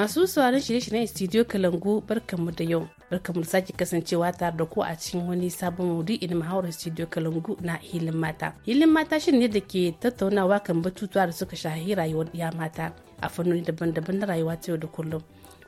Masu sauraron shirye-shiryen Studio Kalangu barkanmu da yau. Barkanmu da sake kasancewa tare da ku a cikin wani sabon maudu'i na muhawarar Studio Kalangu na hilin mata. Hilin mata shi ne da ke tattaunawa kan batutuwa da suka shahi rayuwar ya mata a fannoni daban-daban na rayuwa ta yau da kullum.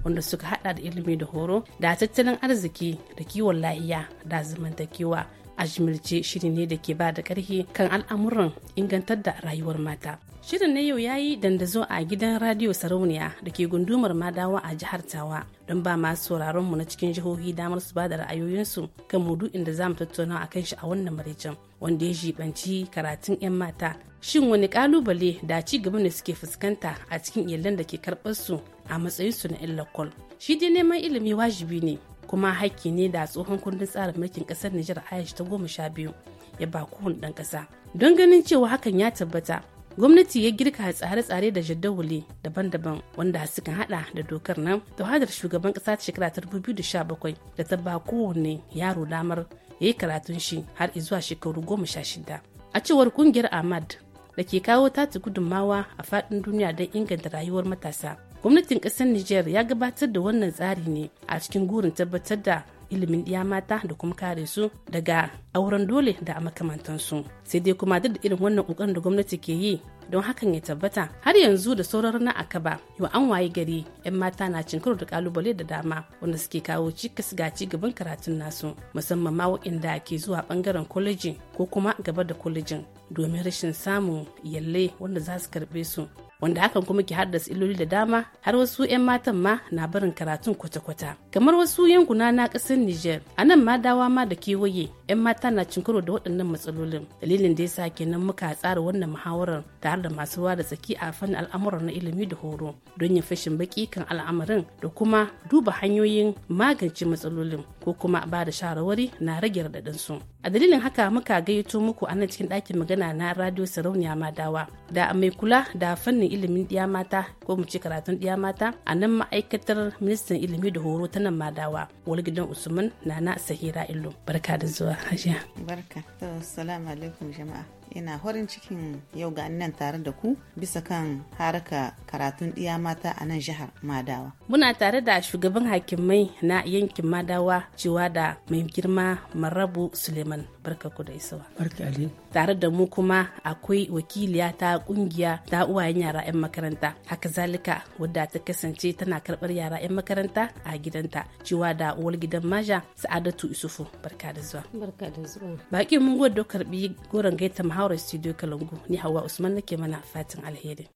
wanda suka hada da ilimi da horo da tattalin arziki da kiwon lahiya da zamantakewa ajimirce shiri ne da ke ba da karhe kan al'amuran ingantar da rayuwar mata. Shirin na yau ya yi dandazo a gidan radiyo sarauniya da ke gundumar madawa a jihar Tawa don ba masu sauraron mu na cikin jihohi damar su ba da ra'ayoyinsu kan maudu'in da za mu tattauna a kan shi a wannan maraicin wanda ya jibanci karatun 'yan mata. Shin wani kalubale da ci gaba ne suke fuskanta a cikin iyalan da ke karɓar su a matsayinsu na 'yan Shi dai neman ilimi wajibi ne kuma haƙƙi ne da tsohon kundin tsarin mulkin ƙasar Nijar Aisha ta goma sha biyu ya ba kowane ɗan ƙasa. Don ganin cewa hakan ya tabbata, gwamnati ya girka tsare-tsare da jaddawali daban-daban wanda suka haɗa da dokar nan da hadar shugaban ƙasa ta shekara ta 2017 da ta ba kowane yaro damar ya yi karatun shi har zuwa shekaru goma sha shida. A cewar ƙungiyar Ahmad da ke kawo tati gudunmawa a faɗin duniya don inganta rayuwar matasa gwamnatin kasar niger ya gabatar da wannan tsari ne a cikin gurin tabbatar da ilimin ɗiya mata da kuma kare su daga auren dole da makamantansu sai dai kuma duk da irin wannan ƙoƙarin da gwamnati ke yi don hakan ya tabbata har yanzu da sauran na akaba yau an waye gari 'yan mata na cin karo da kalubale da dama wanda suke kawo cikas ga ci gaban karatun nasu musamman ma waɗanda ke zuwa bangaren kwaleji ko kuma gaba da kwalejin domin rashin samun yalle wanda za su karɓe su wanda hakan kuma ke haddasa illoli da dama har wasu 'yan matan ma na barin karatun kwata-kwata kamar wasu yankuna na ƙasar niger a nan ma dawa ma da kewaye 'yan mata na cinkaro da waɗannan matsalolin dalilin da yasa kenan muka tsara wannan muhawarar tare da masu ruwa da tsaki a fannin al'amura na ilimi da horo don yin fashin baki kan al'amarin da kuma duba hanyoyin magance matsalolin ko kuma ba da shawarwari na rage raɗaɗin su a dalilin haka muka gayyato muku a nan cikin ɗakin magana na radio sarauniya madawa da mai kula da fannin ilimin ɗiya mata ko mu ce karatun ɗiya mata a nan ma'aikatar ministan ilimi da horo ta nan madawa walgidan usman nana sahira illo barka da zuwa hajiya barka to assalamu alaikum jama'a ina horin cikin yau ga nan tare da ku bisa kan haraka karatun ɗiya mata a nan jihar madawa muna tare da shugaban hakimai na yankin madawa cewa da mai girma marabu suleiman barka ku da isuwa barka ali tare da mu kuma akwai wakiliya ta kungiya ta uwayen yara yan makaranta haka zalika wadda ta kasance tana karɓar yara yan makaranta a gidanta ciwa da uwar gidan maja sa'adatu isufu barka da zuwa barka da zuwa baki mun gode da karbi goron gaita muhawar studio kalangu ni hawa usman nake mana fatin alheri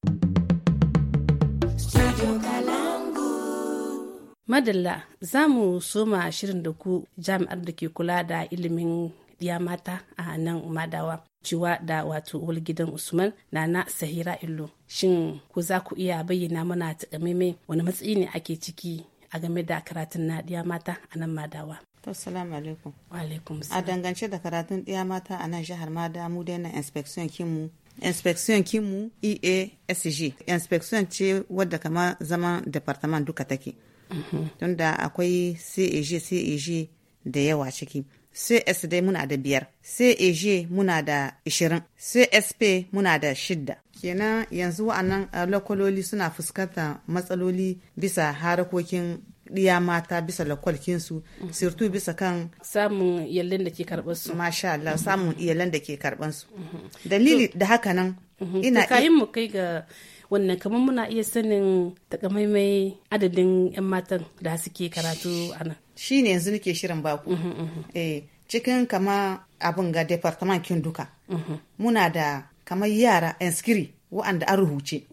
madalla za mu soma shirin da ku jami'ar da ke kula da ilimin ɗiya mata a nan madawa ciwa da wato gidan usman na na sahira illo shin ku za ku iya bayyana mana takamaimai wani matsayi ne ake ciki a game da karatun na diya mata a nan madawa assalamu alaikum alaikum a dangance da karatun ɗiya mata a nan jihar madawa mu dai na inspection kinmu inspection kinmu easg inspection ce wadda kama zaman department duka take mhm. tunda akwai cag cag da yawa ciki csd muna da biyar cag muna da ishirin csp muna da shidda kenan yanzu wa'annan eh, lokololi suna fuskantar matsaloli bisa harakokin ɗiya mata bisa lakwalkinsu mhm. sirtu bisa kan samun iyalan da ke karɓarsu masha Allah mhm. samun iyalan da ke karɓarsu mhm. dalili da haka nan ina kayan mu kai ga wannan kamar muna iya sanin takamaimai adadin 'yan matan da suke karatu a nan shi ne yanzu nake shirin baku eh cikin kama abin ga departament kin duka muna da kamar yara inskiri wa'anda an rubuce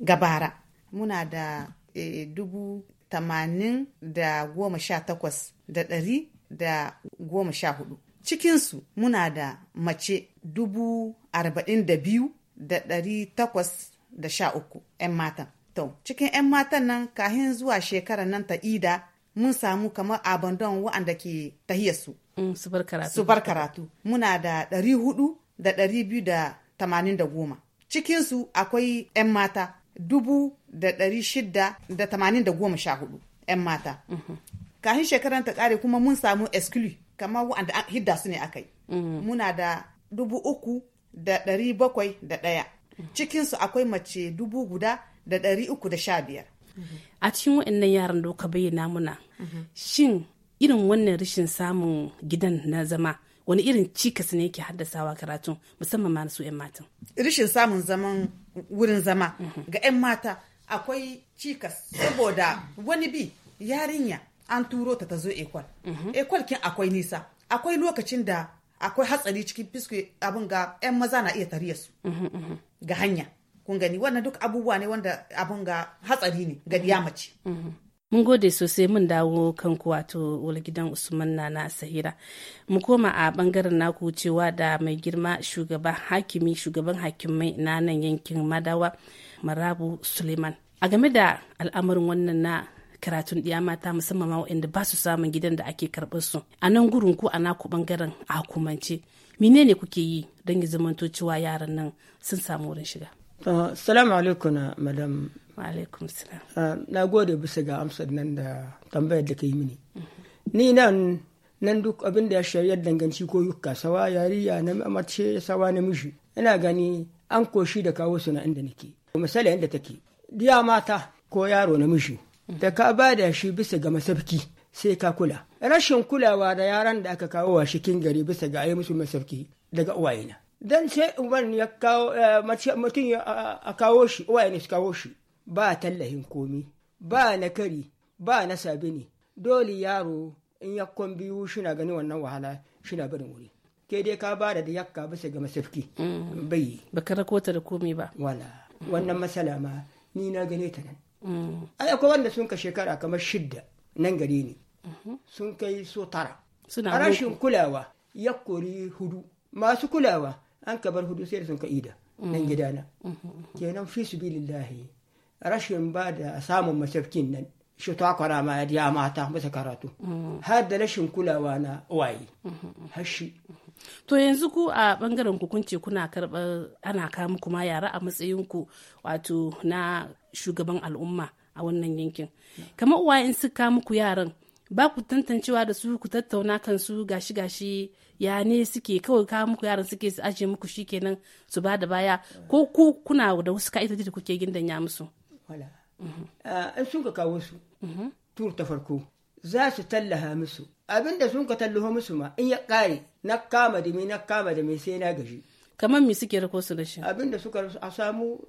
gabara muna da eh, dubu tamanin da goma sha takwas da ɗari da goma sha hudu cikinsu muna da mace dubu arba'in da biyu da ɗari takwas da sha uku 'yan matan to cikin 'yan matan nan kahin zuwa shekarar nan ta ida mun samu kamar abandon wa'anda ke tahiyar mm, su su bar karatu muna da ɗari hudu da ɗari biyu da tamanin da goma cikinsu akwai 'yan mata dubu da ɗari shida da tamanin da goma sha hudu 'yan mata mhm. Kahin shekaran ta kare kuma mun samu exclu kamar wa'anda hidda su ne akai mhm. muna da dubu uku da ɗari bakwai da ɗaya mhm. cikinsu akwai mace dubu guda da ɗari uku da sha biyar a cikin waɗannan yaran da ka bayyana muna shin irin wannan rashin samun gidan na zama wani irin cikas ne yake haddasawa karatu musamman ma su 'yan matan rashin samun zaman wurin zama ga 'yan mata akwai cikas saboda wani bi yarinya an turo ta ta zo ekwal ekwal kin akwai nisa akwai lokacin da akwai hatsari cikin fiske abin ga 'yan maza na iya tariya su ga hanya kun gani wannan duk abubuwa ne wanda abun ga hatsari ne ga mhm. mace mhm. mun gode sosai mun dawo kanku wato gidan usman nana sahira mu koma a bangaren naku cewa da mai girma shugaban hakimi shugaban hakimai na nan yankin madawa marabu suleiman a game da al'amarin wannan na karatun ɗiya mata musamman ma waɗanda ba su samun gidan da ake karɓar su a nan gurin ku a naku bangaren a hukumance menene kuke yi don ya zamanto cewa yaran nan sun samu wurin shiga Uh, salamu alaikum uh, madam alaikum salam uh, na gode bisa ga amsar nan da tambayar da ka yi mini ni nan nan duk abin da ya shari'ar danganci ko yukka sawa yariya na mace sawa na miji ina gani an koshi da kawo su na inda nake misali inda take diya mata ko yaro namiji da ka ba da shi bisa ga masabki sai ka kula rashin kulawa da yaran da aka kawo wa cikin gari bisa ga ayi musu masabki daga uwayena dan sai umar ya kawo eh, mutum a kawo shi uwaye ne su kawo shi ba tallahin komi ba na kari ba na sabini dole yaro in ya biyu shina gani wannan wahala shina barin wuri ke dai ka ba da yakka bisa ga masifki mm. bai ba ka rakota da komi ba wala wannan masala ma ni na gane ta nan mm. ai akwai wanda sun ka shekara kamar shidda nan gare ni mm-hmm. sun kai so tara a rashin kulawa ya kori hudu masu kulawa an ka bar hudu sai da sun ka ida nan gida na kenan fi su bilillahi rashin ba da samun masafkin nan shi ta kwara ma ya mata masa karatu har da rashin kulawa na waye shi to yanzu ku a bangaren ku kun ce kuna karɓar ana kama kuma yara a matsayin ku wato na shugaban al'umma a wannan yankin kamar uwa in suka muku yaran ba ku tantancewa da su ku tattauna kan su gashi gashi ya ne suke kawai kawo muku yaran suke su aje muku shikenan su ba da baya ko ku kuna da wasu ka'idoji da kuke gindanya musu mhm. an ah, in sun ka kawo su mhm. tur ta farko za su tallaha musu abin da sun ka tallaho musu ma in ya kare na kama da mai na kama da mai sai na gaji kamar me suke rako su rashin shi abin da suka a samu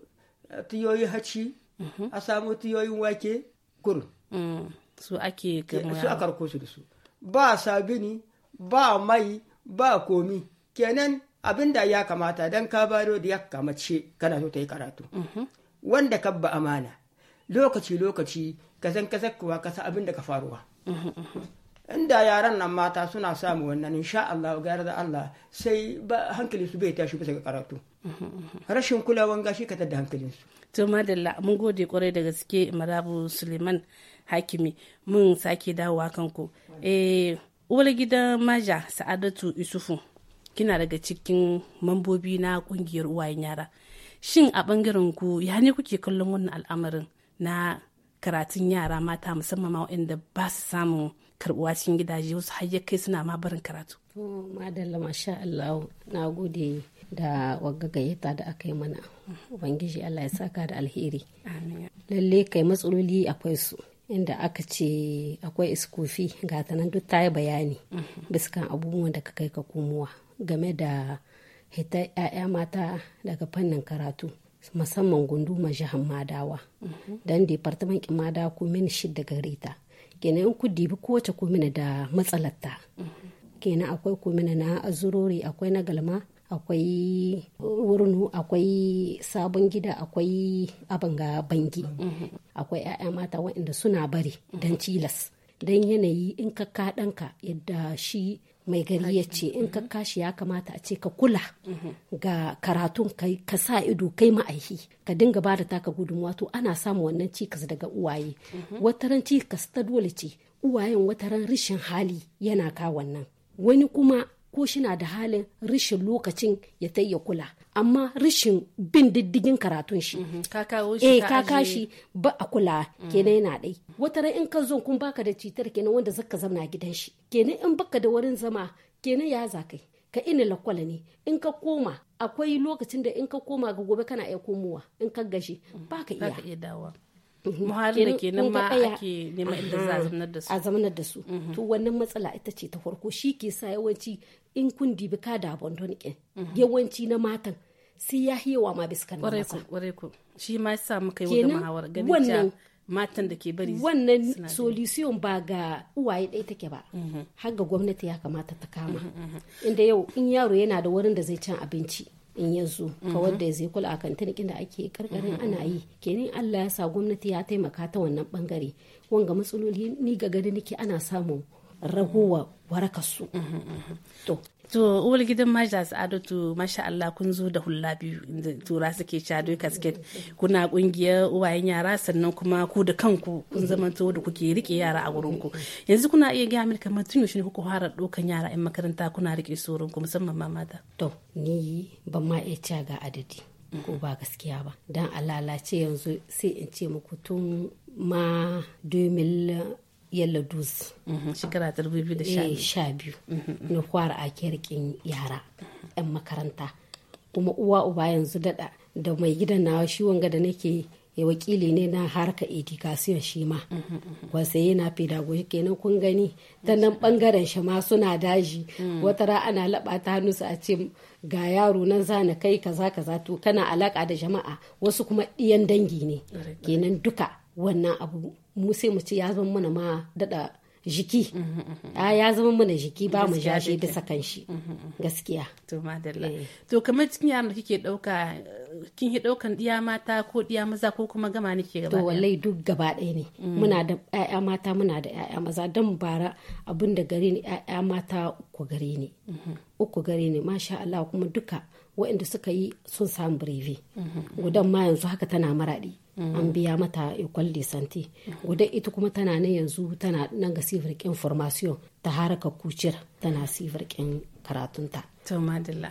eh, tiyoyi haci mhm. a samu tiyoyin wake kurun mm. su ake su aka rako su da su ba sabini ba mai ba komi kenan abin da ya kamata dan ka baro da ya kamace kana so ta yi karatu mhm. wanda ka ba amana lokaci lokaci ka san ka kuwa ka san abin da ka faruwa mhm, mhm. inda yaran nan mata suna samu wannan insha Allah gara da Allah sai ba hankali su bai tashi bisa ga karatu rashin kulawan gashi ka tada hankalin su to madalla mun gode kwarai da gaske marabu suleiman hakimi mun sake dawowa kanku eh uwar gidan maja sa'adatu isufu kina daga cikin mambobi na kungiyar uwayen yara shin a bangaren ku ya ne kuke kallon wannan al'amarin na karatun yara mata musamman ma waɗanda ba su samun karbuwa cikin gidaje wasu har kai suna ma barin karatu madalla masha Allah na gode da wagga gayyata da aka yi mana mhm. ubangiji Allah ya saka da alheri lalle kai matsaloli akwai su inda aka ce akwai iskofi ga ta nan duk ta yi bayani biskan abubuwan da ka kai ka komowa game da hita 'ya'ya mata daga fannin karatu musamman gunduma jihar madawa don departamen madawa komin shidda gare ta kenan in ku dibi kowace komina da matsalarta kenan akwai kumina na azurori akwai na galma akwai wurin akwai sabon gida akwai abin ga bangi akwai 'ya'ya mata waɗanda suna bari don cilas don yanayi in ka kaɗanka yadda shi mai gari ya ce in ka kashi ya kamata a ce ka kula ga karatun kai ka sa ido kai ma'aiki ka dinga ba da taka gudunmuwa to ana samun wannan cikas daga uwaye wataran cikas ta dole ce uwayen wataran rashin hali yana ka wannan wani kuma ko shina da halin rishin lokacin ya ta ya kula amma rishin bin diddigin karatun shi mhm, eh kaka shi ba a kula mhm. kenan yana dai wata ran in ka zo kun baka da citar kenan wanda zaka zauna gidan shi kenan in baka da wurin zama kenan ya za kai ka ina lakwala ne in ka koma akwai lokacin da in ka koma ga gobe kana iya komowa in ka gashi mhm, ba iya Mhm. muhalli da ke nan ma ake nema inda za a mhm. da su a zamanar da su mhm. to wannan matsala ita ce ta farko shi ke sa yawanci in kun dibi ka da abandon yawanci na matan sai ya hewa ma biskan na matan ware ku shi ma sa muka yi wata mahawar ganin matan da ke bari wannan solution ba ga uwaye ɗaya take ba har ga gwamnati ya kamata ta kama inda yau in yaro yana da wurin da zai cin abinci in yanzu ka mhm. wadda zai kula a kan tunikin da ake karkarin mhm. ana yi kenan Allah ya sa gwamnati ya taimaka ta wannan bangare wanga matsaloli ni ga gani nake ana samun ragowa waraka su mhm, to To uwar gidan Maja Sa'adatu masha Allah kun zo da hulla biyu inda tura suke cado kasket kuna kungiyar uwayen yara sannan kuma ku da kanku kun zama zamanto da kuke rike yara a wurin ku. Yanzu kuna iya ga mini kamar tun yaushe kuka fara dokan yara 'yan makaranta kuna rike su ku musamman ma mata. To ni ban ma iya ga adadi. ko ba gaskiya ba dan a lalace yanzu sai in ce muku tun ma yalla dus mhm, shekara ta biyu eh, mhm, mhm. na fara a yara yan makaranta kuma uwa uba yanzu dada da mai gidan na shi wanga da nake ya wakili ne na harka education shi ma wasa yana pedagogy kenan kun gani ta nan bangaren shi ma suna daji mm. wata ra ana laba ta hannu su a ce ga yaro nan zana kai kaza kaza to kana alaka da jama'a wasu kuma ɗiyan dangi ne kenan duka wannan abu mu sai mu ce ya zama mana ma daɗa jiki mm-hmm, a ah, ya zama mana jiki ba mu jaje bisa kan shi mm-hmm. gaskiya to madalla eh. to kamar cikin yaran da kike dauka kin yi daukan diya mata ko diya maza ko kuma gama nake gaba to wallahi duk gaba ɗaya ne mm. muna da ƴaƴa mata muna da ƴaƴa maza dan bara abin da gare ni ƴaƴa mata uku gare ni mm-hmm. uku gare ni masha Allah kuma duka waɗanda suka yi sun samu brevi gudan ma yanzu haka tana maraɗi an biya mata école de santé guda ita kuma tana nan yanzu tana nan ga sifirkin formation ta haraka kucir tana sifirkin karatunta to madalla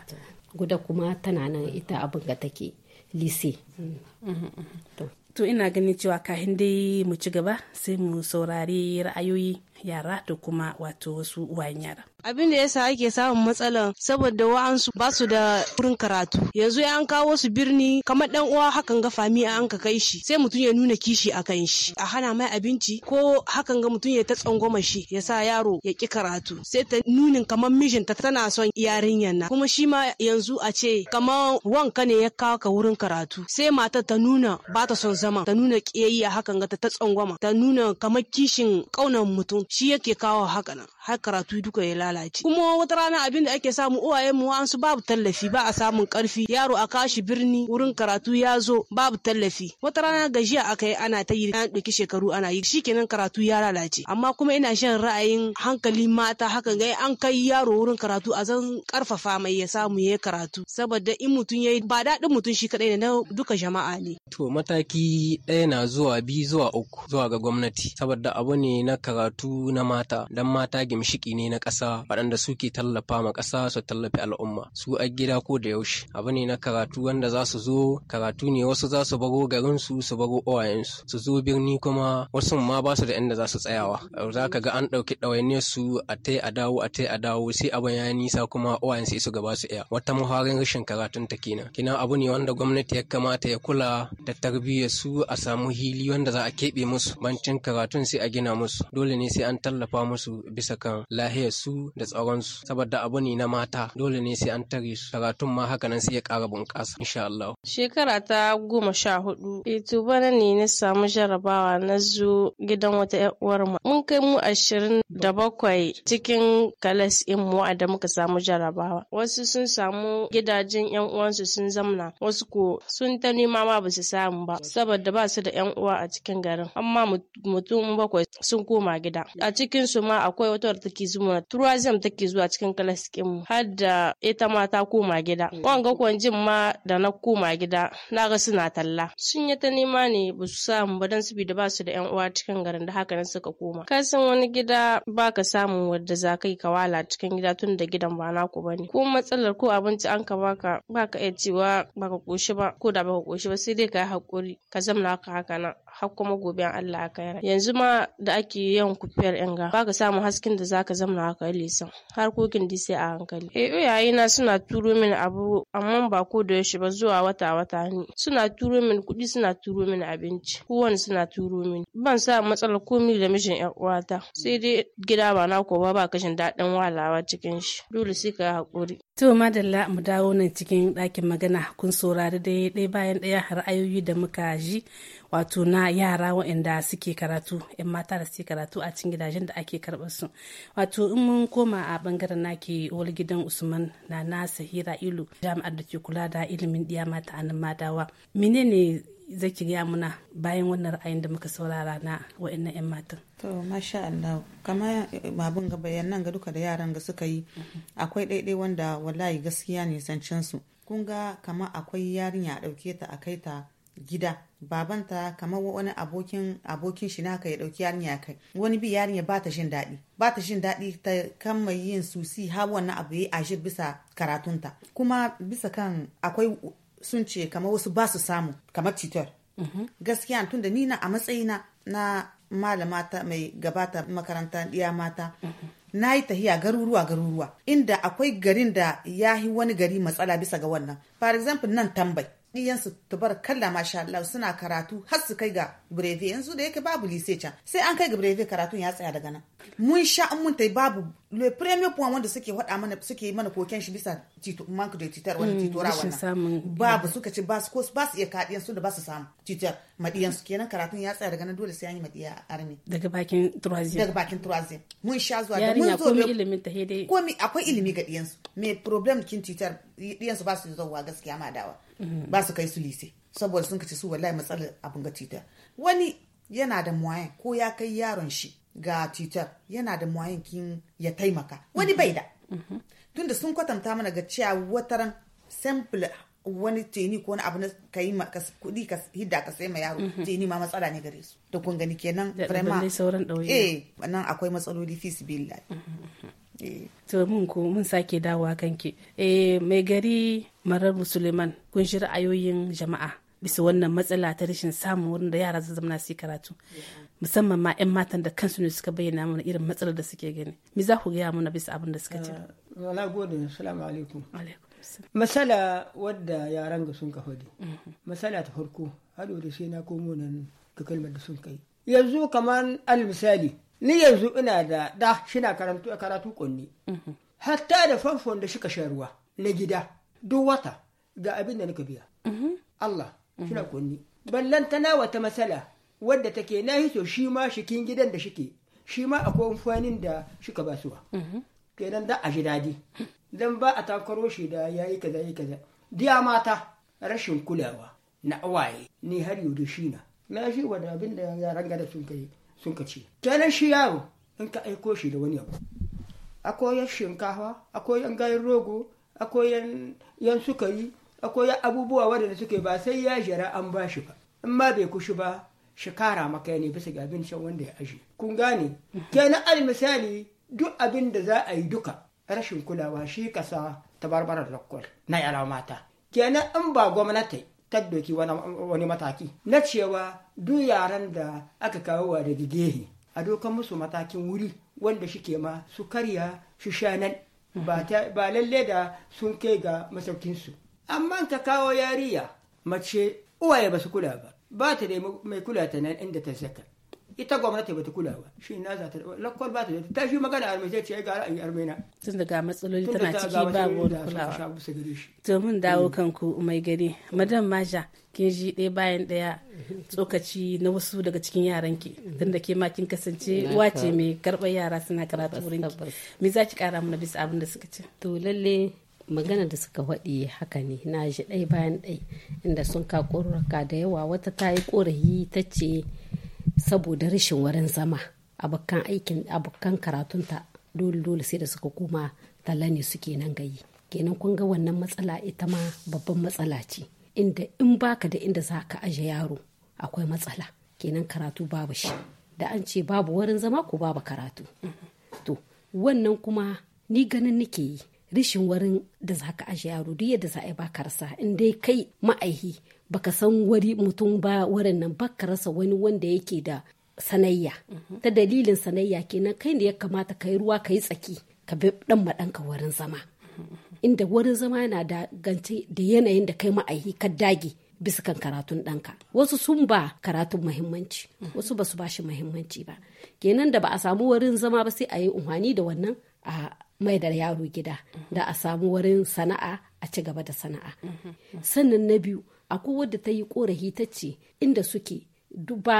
guda kuma tana nan ita abin ga take lise mm-hmm, mm-hmm. to ina ganin cewa kahin dai mu ci gaba sai mu saurari ra'ayoyi yara da kuma wato wasu uwayen Abin da yasa ake samun matsalar saboda wa'ansu ba su da wurin karatu. Yanzu ya an kawo su birni kamar dan uwa hakan ga fami an ka kai shi sai mutum ya nuna kishi a kan shi. A hana mai abinci ko hakan ga mutum ya ta tsangwama shi ya sa yaro ya ki karatu. Sai ta nunin kamar mijinta tana son yarinyar na. Kuma shi ma yanzu a ce kamar wanka ne ya kawo ka wurin karatu. Sai mata ta nuna ba ta son zama ta nuna kiyayya hakan ga ta ta tsangwama ta nuna kamar kishin kaunan mutum shi yake kawo haka nan har karatu duka ya lalace kuma wata rana abin da ake samu uwayen mu an su babu tallafi ba a samun karfi yaro a kashi birni wurin karatu ya zo babu tallafi wata rana gajiya aka yi ana ta yi an ɗauki shekaru ana yi kenan karatu ya lalace amma kuma ina shan ra'ayin hankali mata hakan ga an kai yaro wurin karatu a zan karfafa mai ya samu ya karatu saboda in mutum ya yi ba daɗin mutum shi kaɗai na duka jama'a ne. To mataki ɗaya na zuwa biyu zuwa uku zuwa ga gwamnati saboda abu ne na karatu na mata dan mata gimshiki ne na ƙasa waɗanda suke tallafa ma ƙasa su tallafi al'umma su a gida ko da yaushe abu ne na karatu wanda za su zo karatu ne wasu za su baro garin su su baro owayensu. su zo birni kuma wasu ma ba su da inda za su tsayawa za ka ga an ɗauki ɗawainiyar su a tai a dawo a tai a dawo sai abin ya nisa kuma uwayen su su gaba su iya wata muharin rashin karatun ta kenan kina abu ne wanda gwamnati ya kamata ya kula da tarbiyyar su a samu hili wanda za a keɓe musu bancin karatun sai a gina musu dole ne sai an tallafa musu bisa akan lahiyar su da tsaron su saboda abu ne na mata dole ne sai an tare su karatun ma haka nan sai ya ƙara bunƙasa insha Allah shekara ta goma sha hudu e bana ne na samu jarabawa na zo gidan wata ƴar uwar mu mun kai mu ashirin da bakwai cikin kalas in mu da muka samu jarabawa wasu sun samu gidajen ƴan uwansu sun zamna wasu ko sun ta nema ma ba su samu ba saboda ba su da ƴan uwa a cikin garin amma mutum bakwai sun koma gida a cikin su ma akwai wata kasuwar take zuwa take zuwa cikin kalas mu har da ita ma ta koma gida. kuwan kwanjin ma da na koma gida na ga suna talla. Sun yi ta nema ne ba su samu ba don saboda ba su da yan uwa cikin garin da haka nan suka koma. Ka san wani gida ba ka samu wadda za ka yi kawala cikin gida tun da gidan ba naku ba ne. Ko matsalar ko abinci an ka baka ba iya cewa baka koshi ba ko da baka koshi ba sai dai ka yi haƙuri ka zamna haka haka na. har kuma gobe Allah aka yi yanzu ma da ake yawan kufiyar inga ga baka samu hasken da zaka zama haka lisan harkokin di sai a hankali eh iyaye na suna turo min abu amma ba ko da yaushe ba zuwa wata wata ni suna turo min kuɗi suna turo min abinci kowanne suna turo min ban sa matsalar komi da mijin yan uwata sai dai gida ba na ko ba ba kashin daɗin walawa cikin shi dole sai ka yi haƙuri To madalla mu dawo nan cikin ɗakin magana kun saurari dai ɗaya bayan ɗaya ra'ayoyi da muka ji wato na yara waɗanda suke karatu 'yan mata da suke karatu a cikin gidajen da ake karɓar su wato in mun koma a bangaren nake wani gidan usman na na sahira ilu jami'ar da ke kula da ilimin ɗiya mata a nan madawa menene zaki gaya muna bayan wannan ra'ayin da muka saurara na waɗannan 'yan matan. To, masha Allah, kama babin eh, ga bayanan ga duka da yaran ga suka yi, akwai ɗaiɗai wanda wallahi gaskiya ne zancen su. Kun ga kama akwai yarinya a ɗauke ta a kai ta gida babanta kamar wani abokin abokin shi naka ya dauki yarinya kai wani bi yarinya ba ta jin daɗi ba ta jin daɗi ta kama yin susi har wannan abu ya ajir bisa karatunta kuma bisa kan akwai sun ce kamar wasu ba su samu kamar titor mhm. gaskiya tunda ni na a matsayina na malama ta mai gabata makaranta ɗiya mata mhm. na yi tahiya garuruwa garuruwa inda akwai garin da ya yi wani gari matsala bisa ga wannan for example nan tambai ɗiyansu kalla masha Allah suna karatu har su kai ga breve yanzu da yake babu lise can sai an kai ga breve karatun ya tsaya daga nan mun sha an mun tai babu le premier point wanda suke faɗa mana suke mana koken shi bisa tito manku da titar wani mm, titora wannan babu suka ci ba su ko ba su iya kadiyan da ba su samu titar madiyan su kenan karatun ya tsaya daga nan dole sai an yi madiya army daga bakin troisième daga bakin troisième mun sha zuwa da mun zo komi ilimin ta hede komi akwai ilimi ga diyan su me problem kin titar diyan su ba su zuwa gaskiya ma dawa ba su kai su lise saboda sun kace su wallahi matsalar abin ga titar wani yana da muwayan ko ya kai yaron shi ga titar yana da muwayan kin ya taimaka wani bai da tunda sun kwatanta mana ga cewa wataran simple wani teni ko wani abu na ka yi ma kudi ka hidda ka sai ma yaro mhm. teni ma matsala ne gare su da kun gani kenan vraiment eh nan akwai matsaloli fi Eh, to mun ko mun sake dawowa kanki eh mai gari marar musulman kun shi ra'ayoyin jama'a bisa wannan matsala ta rashin samun wurin da yara zai zamana su karatu musamman ma 'yan matan da kansu ne suka bayyana mana irin matsalar da suke gani mi za ku gaya mana bisa abin da suka ce wala eh, gode assalamu alaikum masala wadda yaran ga sun ka fadi mhm. masala ta farko hado da sai na komo nan ga kalmar da sun kai yanzu kamar al misali ni yanzu ina da da shina karatu karatu kunni mhm. hatta da famfon da shika shan ruwa na gida duk wata ga abin da nika biya mhm. Allah mhm. shina kunni nawa wata matsala wadda take na hito shi ma shikin gidan da shike shi ma akwai amfanin da shika basuwa kenan da a ji daɗi dan ba a takaro shi da yayi kaza yayi kaza diya mata rashin kulawa na awaye ni har yau da shi na na shi wa abin da yaran gada sun kai sun ka ci kenan shi yaro in ka aiko shi da wani abu akwai yan shinkawa, akwai yan gayin rogo akwai yan sukari akwai abubuwa wadanda suke ba sai ya jira an ba shi ba in ma bai kushi ba shi kara maka ne bisa ga abincin wanda ya aje kun gane kenan al duk abin da za a yi duka rashin kulawa shi kasa ta barbarar lakwal na yara mata kenan in ba gwamnati ta doki wani mataki na cewa duk yaran da aka kawo wa daga gehe a dokan musu matakin wuri wanda shike ma su karya su shanan ba lalle da sun kai ga masaukinsu amma ka kawo yariya mace uwaye ba su kula ba ba ta da mai kula ta nan inda ta saka ita gwamnati bata kula ba shi na za ta lakwal ba ta ta shi magana a sai ce ga ra'ayi yi na tun daga matsaloli tana ciki ba wani kulawa to mun dawo mm. kanku mai gari madam maja kin ji ɗaya bayan ɗaya tsokaci na wasu daga cikin yaran ki tun da ke ma kin kasance wace mai karɓar yara suna karatu wurin ki me za ki kara mana bisa abin da suka ce to lalle magana da suka waɗi haka ne na ji ɗaya bayan ɗaya inda sun ka ka da yawa wata ta yi ƙorafi ta ce saboda rashin wurin zama abokan aikin abokan karatunta dole dole sai da suka koma talla ne suke nan gayi kenan kun ga wannan matsala ita ma babban matsala ce inda in baka da inda za ka aje yaro akwai matsala kenan karatu babu shi da an ce babu wurin zama ko babu karatu to wannan kuma ni ganin nake yi rishin warin da za ka ajiye yaro duk yadda za a yi baka rasa in dai kai ma'aihi baka san wari mutum ba warin nan baka rasa wani wanda yake da sanayya mhm. ta dalilin sanayya kenan kai ne ya kamata ka yi ruwa ka yi tsaki ka bi dan maɗanka warin zama mhm. inda warin zama yana da gance da yanayin da kai ma'aihi ka dage bisa kan karatun ɗanka wasu sun ba karatun mahimmanci mhm. wasu basu bashi ba muhimmanci ba kenan da ba a samu warin zama ba sai a yi umarni da wannan a mai da yaro gida da a samu wurin sana'a a ci gaba da sana'a sannan na biyu akwai wadda ta yi korafi ta ce inda suke ba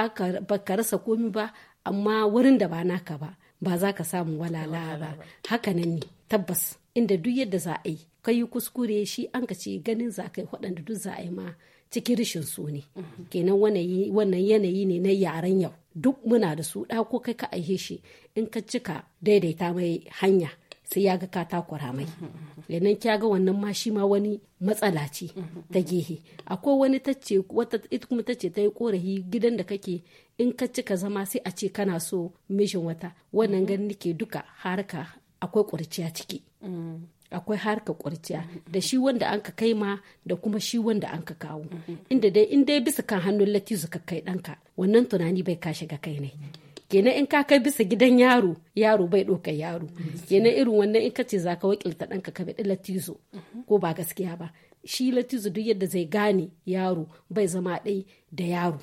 ka rasa komi ba amma wurin da ba naka ba ba za ka samu walala ba haka nan ne tabbas inda duk yadda za a yi ka yi kuskure shi an ka ce ganin za ka yi waɗanda duk za a yi ma cikin rishin su ne kenan wannan yanayi ne na yaren yau duk muna da su ɗa ko kai ka aihe shi in ka cika daidaita mai hanya sai ya ga ka takura yanan kya ga wannan ma shi ma wani matsala ce ta gehe akwai wani tace wata ita kuma tace ta yi korafi gidan da kake in ka cika zama sai a ce kana so mishin wata wannan ganin nake duka harka akwai kurciya ciki akwai harka kurciya da shi wanda an ka kai ma da kuma shi wanda an ka kawo inda dai in dai bisa kan hannun latizu ka kai ɗanka wannan tunani bai ka shiga kai ne kenan in ka kai bisa gidan yaro yaro bai ɗaukar yaro kenan irin wannan in ka ce za ka wakilta ɗanka ka bi latizo ko ba gaskiya ba shi latizo duk yadda zai gane yaro bai zama ɗai da yaro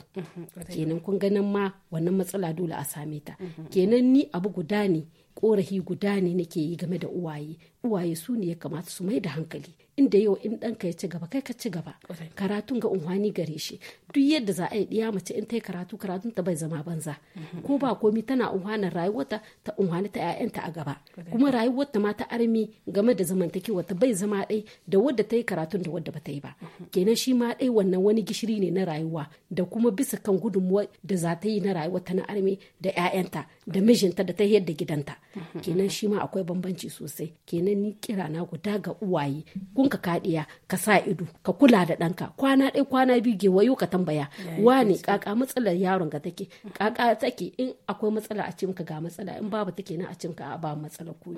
kenan kun ganin ma wannan matsala dole a same ta kenan ni abu guda ne korafi guda ne nake yi game da uwaye uwaye su ne ya kamata su mai da hankali inda yau in ɗanka ya ci gaba kai ka ci gaba karatun ga unhwani gare shi duk yadda za a yi ɗiya mace in ta yi karatu karatun ta bai zama banza mhm. ko ba komi tana unhwanar rayuwarta ta unhwani ta 'ya'yanta a gaba kuma rayuwarta ma ta armi game da zamantakewa ta bai zama ɗai da wadda ta yi karatun da wadda ba ta yi ba mhm. kenan shi ma ɗai wannan wani gishiri ne na rayuwa da kuma bisa kan gudunmuwa da za ta yi na rayuwarta na armi da 'ya'yanta da mijinta da ta yi yadda gidanta mhm. kenan shi ma akwai bambanci sosai kenan nan ni kira na guda ga uwaye kun ka kadiya ka sa ido ka kula da ɗanka kwana ɗaya kwana biyu ge wayo ka tambaya wani kaka matsalar yaron ka take kaka take in akwai matsala a ka ga matsala in babu take na a cikin a ba matsala ku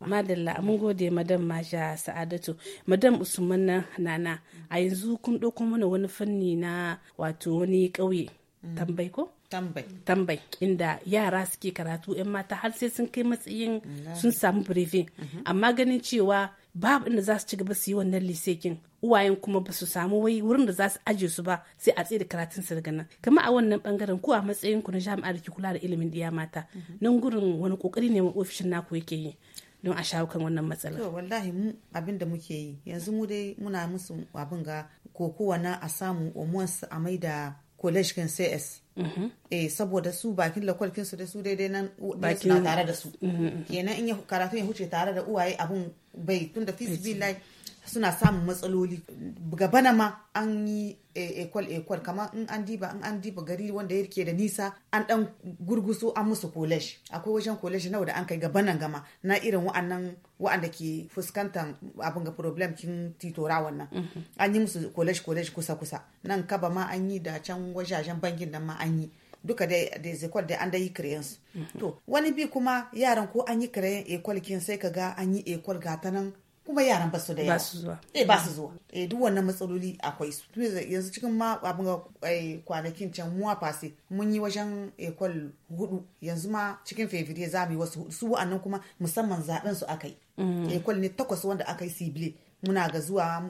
madalla mun gode madam masha sa'adatu madam usman nana a yanzu kun ɗauko mana wani fanni na wato wani ƙauye mm. tambayi ko tambay tambay inda yara suke karatu yan mata har sai sun kai matsayin sun samu brevet mhm. amma ganin cewa babu inda za su ci gaba su yi wannan lisekin uwayen kuma ba su samu wai wurin da za su aje su ba sai a tsaye da karatun su daga nan kamar a wannan bangaren ko a matsayin ku na jami'a da ke kula da ilimin ɗiya mata mhm. nan gurin wani kokari ne ofishin naku yake yi don a shawo kan wannan matsala. To wallahi mu abin da muke yi yanzu mu dai muna musu abin ga kokowa na a samu omuwansu a maida college kin cs mhm. eh saboda su bakin lakwalkin su da su daidai nan suna tare da su mhm, mhm. kenan in ya karatu ya huce tare da uwaye abun bai tunda fisibilai suna samun matsaloli na ma an yi eh, ekwal ekwal kamar in an diba in an diba gari wanda yake da nisa an dan gurguso an musu kolesh akwai wajen kolesh nawa da an kai nan gama na irin wa'annan wa'anda ke fuskantar abin ga problem kin titora wannan mhm. an yi musu kolesh kolesh kusa kusa nan kaba ma an yi da can wajajen bankin nan ma an yi duka da zekwal da an da yi mhm. to wani bi kuma yaran ko an yi kireyen ekwal kin sai ka ga an yi ekwal gata kuma yaran ba su da yawa ba su zuwa eh, eh duk wannan matsaloli akwai su yanzu cikin ma abin eh, kwanakin can muwa fasi mun yi wajen ekol hudu yanzu ma cikin fevriye za mu yi wasu su wa'annan kuma musamman zaben su aka yi mm. ekol ne takwas wanda aka yi sibile muna ga zuwa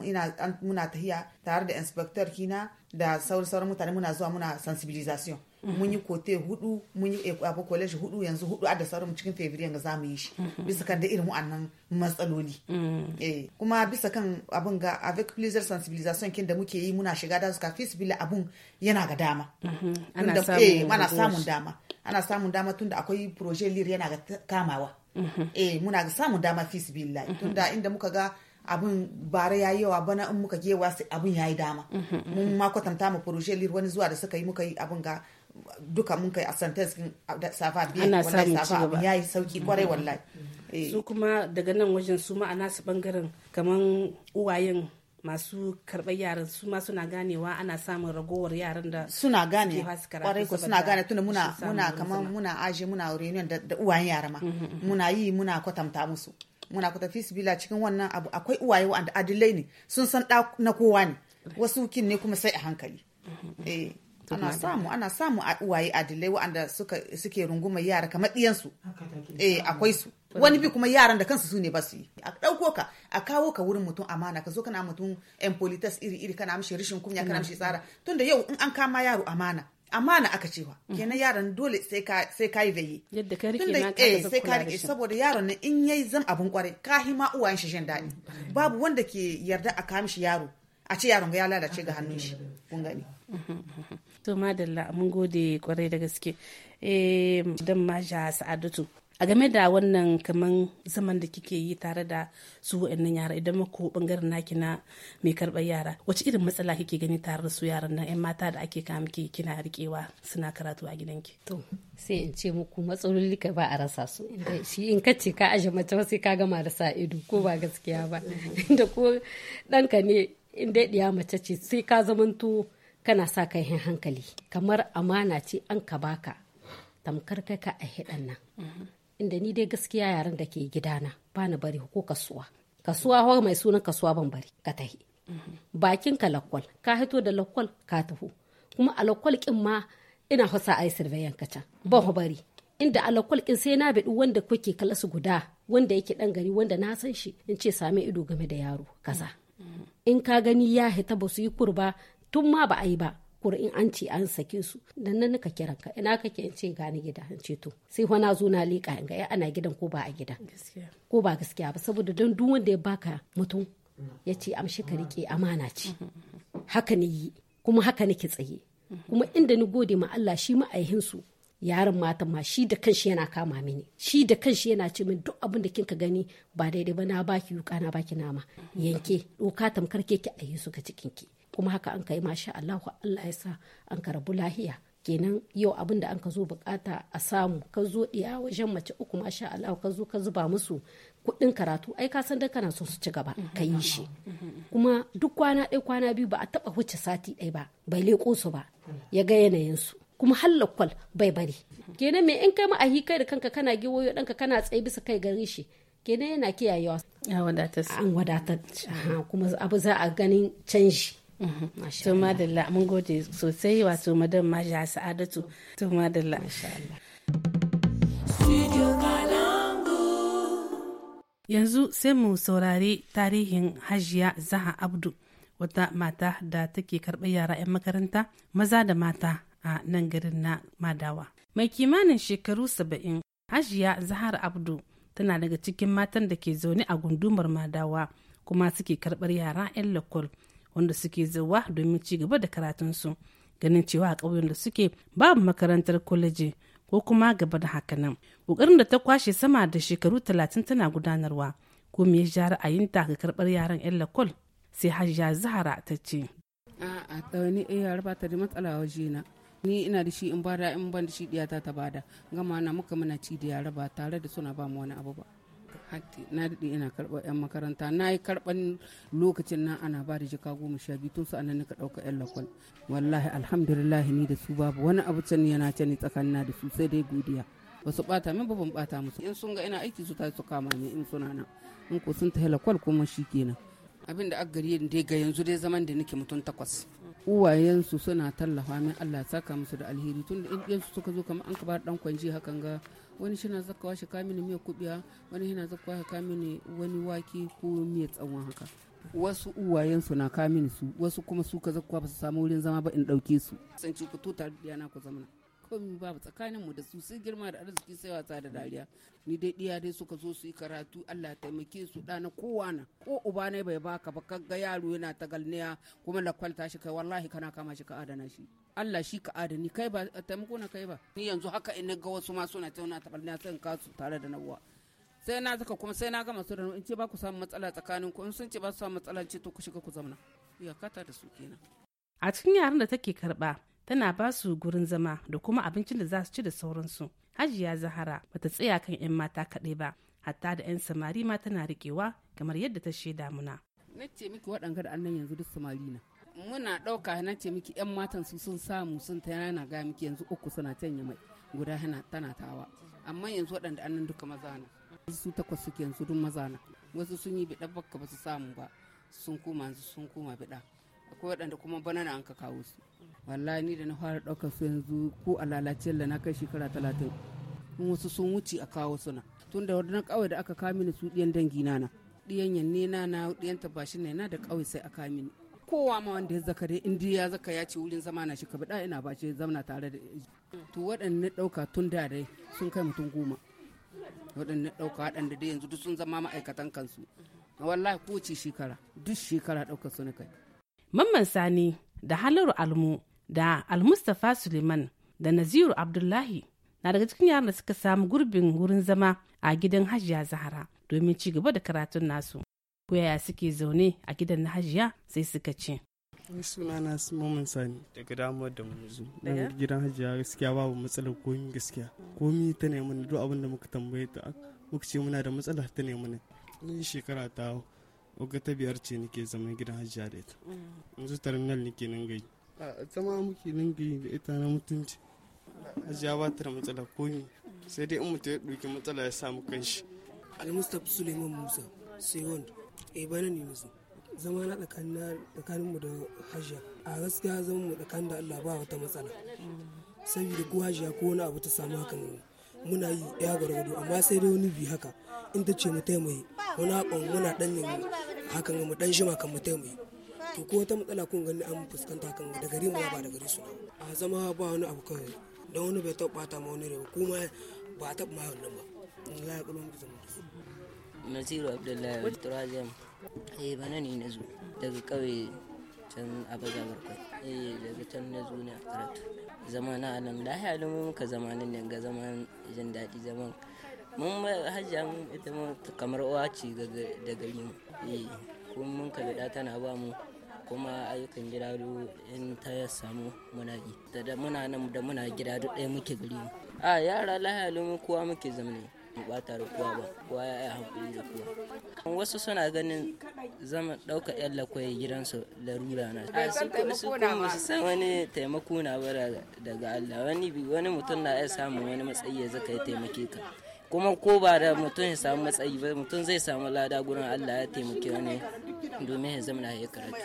muna tahiya tare da inspector kina da sauran mutane muna zuwa muna sensibilisation mm-hmm. mun yi kote hudu mun yi e-, abu college hudu yanzu hudu a da sauran cikin fevrier ga zamu yi shi mm-hmm. bisa kan da irin wa'annan matsaloli mm-hmm. eh, kuma bisa kan abun ga avec plusieurs sensibilisation kin da muke yi muna shiga da su kafin su abun yana ga dama ana eh, samun dama ana samun dama tunda akwai projet lir yana ga kamawa eh muna ga samun dama fisibila tunda inda muka ga abin bara ya yi yawa bana in muka wasu abin ya yi dama mun ma kwatanta mu furojelir wani zuwa da suka yi muka yi abin ga duka mun kai a sentence safa biyu wannan safa abin ya yi sauki kwarai mm-hmm. wallahi eh. su kuma daga nan wajen su ma'ana su bangaren kaman uwayen masu karɓar yaran su ma suna ganewa ana samun ragowar yaran da suna gane kwarai ko suna gane tunda muna muna kaman muna aje muna reunion da uwayen yara ma mm-hmm. muna yi muna kwatanta musu muna ku tafi sibila cikin wannan abu akwai uwaye anda adilai ne sun san na kowa ne wasu kin ne kuma sai a hankali eh ana samu ana samu a uwaye adilai wa'anda suka suke runguma yara kamar diyansu eh akwai su wani bi kuma yaran da kansu su ne ba su yi a ɗauko ka a kawo ka wurin mutum amana ka zo kana mutum en politas iri iri kana mishi rishin kunya kana mishi tsara tunda yau in an kama yaro amana amana aka cewa kenan yaron dole sai ka yi kai yi yadda ka rike na ka eh, sai ka rike saboda yaron ne in yayi zan abun kwarai ka ma uwayen shi jin daɗi babu wanda ke yarda a kawo shi yaro a ce yaron ga ya lalace ga hannun shi kun gani to madalla mun gode kwarai da gaske eh dan ja sa'adatu a game da wannan kaman zaman da kike yi tare da su wa'annan yara idan mako bangaren naki na mai karɓar yara wace irin matsala kike gani tare da su yaran nan yan mata da ake kama ki kina rikewa suna karatu a gidanki to sai in ce muku matsaloli ka ba a rasa su inda shi in ka ce ka aje mace sai ka gama rasa ido ko ba gaskiya ba mm-hmm. inda ko ɗanka ne in dai ɗiya mace ce sai ka zamanto kana sa kai hankali kamar amana ce an ka baka tamkar kai ka a hidan nan mm-hmm. inda ni dai gaskiya yaren da ke gidana ba na bari ko kasuwa kasuwa hawa mai sunan kasuwa ban bari ka tahi bakin ka lakwal ka hito da lakwal ka taho kuma a lakwal kin ma ina hasa ai surveyan ka can ban bari inda a lakwal kin sai na biɗi wanda kuke kalasu guda wanda yake dan gari wanda na san shi in ce same ido game da yaro kaza in ka gani ya hita ba su yi kurba tun ma ba a yi ba kur'in an ce an sake su da nan ka kiran ka ina kake in ce gani gida in ce to sai fa na zo na leƙa in ga ya ana gidan ko ba a gida ko ba gaskiya ba saboda dan duk wanda ya baka mutum ya ce amshi ka rike amana ce haka ne yi kuma haka nake tsaye kuma inda ni gode ma Allah shi ma'aihin su yaron matan ma shi da kanshi yana kama mini shi da kanshi yana ce min duk abin da kinka gani ba daidai ba na baki yuka na baki nama yanke doka tamkar keke a yi su ga cikinki kuma haka an kai masha Allah Allah ya sa an karabu lahiya kenan yau abin da an ka zo bukata a samu ka zo iya wajen mace uku masha Allah ka zo ka zuba musu kuɗin karatu ai ka san da kana son su ci gaba ka yi shi kuma duk kwana ɗaya kwana biyu ba a taba wuce sati ɗaya ba bai leƙo su ba ya ga yanayin su kuma halakwal bai bari kenan me in kai ma'ahi kai da kanka kana giwoyo danka kana tsaye bisa kai gare shi kenan yana kiyayewa an wadatar kuma abu za a ganin canji to sosai wato yanzu sai mu saurari tarihin hajiya zaha abdu wata mata da take karɓar yara 'yan makaranta maza da mata a nan garin na madawa mai kimanin shekaru saba'in hajiya zahar abdu tana daga cikin matan da ke zaune a gundumar madawa kuma suke karɓar yara 'yan lakol wanda suke zuwa domin ci gaba da karatun su ganin cewa a ƙauyen da suke babu makarantar kwaleji ko kuma gaba da haka nan ƙoƙarin da ta kwashe sama da shekaru talatin tana gudanarwa ko me ya ra'ayinta ga karɓar yaran 'yan lakol sai hajiya zahara ta ce a'a ta wani iya eh, ba ta da matsala waje na ni ina da shi in bada in ban da shi diyata ta bada gama na muka muna ci da yara ba tare da suna ba mu wani abu ba na daɗe ina karɓar 'yan makaranta na yi karɓar lokacin nan ana ba da jika goma sha biyu tun su anan nika ɗauka 'yan lakwal wallahi alhamdulillah ni da su babu wani abu can yana can tsakanin na da su sai dai godiya ba su ɓata min ba ban ɓata musu in sun ga ina aiki su ta su kama ni in suna na in ko sun tahi lakwal kuma shi kenan abin da aka gari dai ga yanzu dai zaman da nake mutum takwas uwayensu suna tallafa min Allah saka musu da alheri tun da in suka zo kamar an ka ba dan kwanji hakan ga wani shi na zakawa shi ka mini miya kubewa wani shi na zakawa shi ka wani wake ko miya tsawon haka wasu uwayensu na ka su wasu kuma su ka zakawa ba su samu wurin zama ba in dauke su sun ci fito tare da yana ku zamana komi babu tsakanin mu da su sai girma da arziki sai wasa da dariya ni dai diya dai suka zo su yi karatu Allah taimake su na kowa na ko uba ne bai baka ba kaga yaro yana ta galniya kuma kwalta shi kai wallahi kana kama shi ka adana shi Allah shi ka adani kai ba taimako na kai ba ni yanzu haka in ga wasu ma suna tauna ta galniya sai in kasu tare da nawa sai na zaka kuma sai na gama su da in ce ba ku samu matsala tsakanin ku in sun ce ba su samu matsala ce to ku shiga ku zauna. Ya kata da su kenan a cikin yaran da take karba tana ba su gurin zama da kuma abincin da za su ci da sauransu hajiya zahara bata tsaya kan 'yan mata kaɗai ba hatta da 'yan samari ma tana riƙewa kamar yadda ta shaida muna na ce miki waɗanga da annan yanzu duk samari na muna ɗauka na ce miki 'yan matan su sun samu sun ta yana ga miki yanzu uku suna canye mai guda tana tawa amma yanzu waɗanda annan duka maza na su takwas suke yanzu duk maza na wasu sun yi biɗa bakka ba su samu ba sun koma yanzu sun koma biɗa akwai waɗanda kuma bana na an ka kawo su wallahi ni da na fara ɗaukar su yanzu ko a lalace da na kai shekara talatin wasu sun wuce a kawo suna tun da wadannan kawai da aka kawo mini su ɗiyan dangi na na ɗiyan yanne na na ɗiyan tabashi na na da kawai sai a kawo mini kowa ma wanda ya zaka dai in ya zaka ya ce wurin zama na shi ka bada ina ba ce zamana tare da to waɗanne ɗauka tun da dai sun kai mutum goma waɗanne ɗauka waɗanda dai yanzu duk sun zama ma'aikatan kansu wallahi kowace shekara duk shekara ɗaukar su na kai Mamman Sani da Halaru Almu da almustafa Suleiman da Naziru Abdullahi na daga cikin yaran da suka samu gurbin wurin zama a gidan Hajiya Zahara domin ci gaba da karatun nasu. Ko yaya suke zaune a gidan na Hajiya sai suka ce. na su mamman sani daga damar da mu zo gidan hajiya gaskiya babu matsalar komi gaskiya komi ta ne mana duk abin da muka tambaye ta muka ce muna da matsala ta ne mana ni shekara ta Oga ta biyar ce nake zaman gidan hajji da ita. Yanzu terminal nake nan gai. Zama muke nan gai da ita na mutunci. Hajjiya ba ta da matsala komi. Sai dai in mutu ya ɗauki matsala ya samu kanshi. Almustaf Suleiman Musa, sai wanda. Eh bana ne musu. Zama na tsakanin mu da hajji A gaskiya zama mu tsakanin da Allah ba wata matsala. Saboda ko hajji ko wani abu ta samu hakan ne. muna yi ya gwargwado amma sai dai wani bi haka in ta ce mu taimai wani hakan muna dan ne hakan mu dan jima kan mu taimai to ko wata matsala kun gani an fuskanta kan da gari mu ba da gari su a zama ba wani abu kan da wani bai taɓa ta ma wani ne kuma ba taɓa ma wannan ba Allah ya kulun bizan Nasiru Abdullahi Turazem eh bana ne nazo. daga kauye can a abaza barkwai eh daga can na zo ne a karatu zama na nan lahiya da mu muka zama nan ne ga zaman jin daɗi zaman mun hajjan mun ita kamar uwa ce da gari mu eh, kuma mun ka da tana ba mu kuma ayyukan gida in ta samu muna yi da muna nan da muna gida duk ɗaya muke gari mu a yara lahalu mu kowa muke zamani mu ba tare kowa ba kowa ya yi hankali da kowa wasu suna ganin zama ɗauka yan lakwai gidansu larura na a su kuma su kuma su san wani taimako na bara daga Allah wani mutum na iya samun wani matsayi ya zaka ya taimake ka kuma ko ba da mutum ya samu matsayi ba mutum zai samu lada gurin Allah ya taimake ne domin ya zama ya karatu.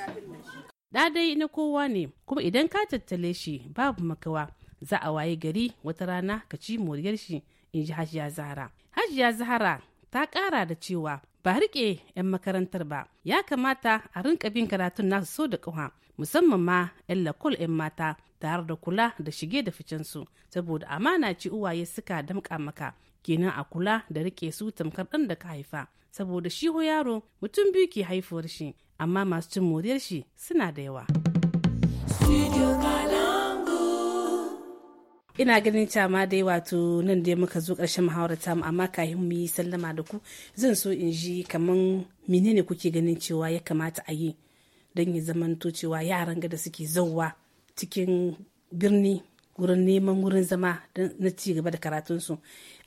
Dadai na kowa ne kuma idan ka tattale shi babu makawa za a waye gari wata rana ka ci moriyar shi in ji Hajiya Zahara. Hajiya Zahara ta kara da cewa ba rike 'yan makarantar ba ya kamata a rinka bin karatun nasu so da kawa musamman ma 'yan lakul 'yan mata tare da kula da shige da ficensu saboda amana ci uwaye suka damka maka kenan a kula da rike su tamkar ɗan da ka haifa saboda shi ho yaro mutum biyu ke haifuwar shi amma masu cin moriyar shi suna da yawa ina ganin cama dai wato nan dai muka zo ƙarshen ta mu amma kafin mu yi sallama da ku zan so in ji kaman menene kuke ganin cewa ya kamata a yi don ya to cewa yaran gada suke zauwa cikin birni wurin neman wurin zama na ci gaba da karatunsu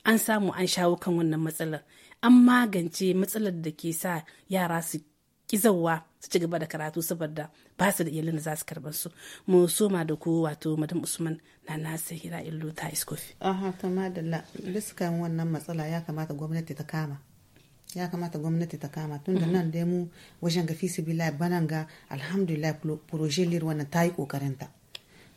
an samu an shawo kan wannan matsalar an magance matsalar da ke sa yara su kizawa su ci gaba da karatu saboda ba su da iyalin da za su karban su mu soma da ku wato madam usman na nasa hira illo ta iskofi aha ta madalla bisa wannan matsala ya kamata gwamnati ta kama ya kamata gwamnati ta kama tun da mhm. nan da mu wajen ga bi banan ga alhamdulillah proje lir wannan ta yi kokarinta